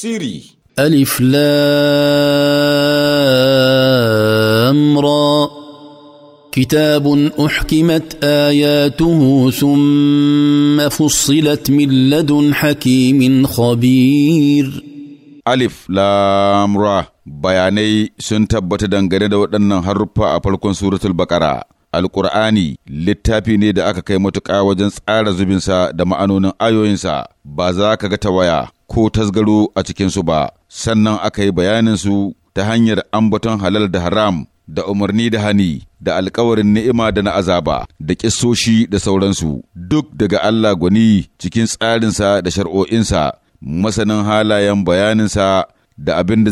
سيري ألف لام را كتاب أحكمت آياته ثم فصلت من لدن حكيم bayanai sun tabbata dangane da waɗannan haruffa a farkon suratul bakara alƙur'ani littafi ne da aka kai matuƙa wajen tsara zubinsa da ma'anonin ayoyinsa ba za ka ga tawaya ko tasgaro a cikinsu ba, sannan aka yi bayaninsu ta hanyar ambaton halal da haram da umarni da hani da alkawarin ni'ima da na azaba da ƙisoshi da sauransu duk daga Allah gwani cikin tsarinsa da shar'o'insa masanin halayen bayaninsa da abin da